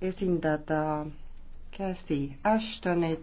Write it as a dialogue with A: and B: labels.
A: esindada Cathy Ashtonit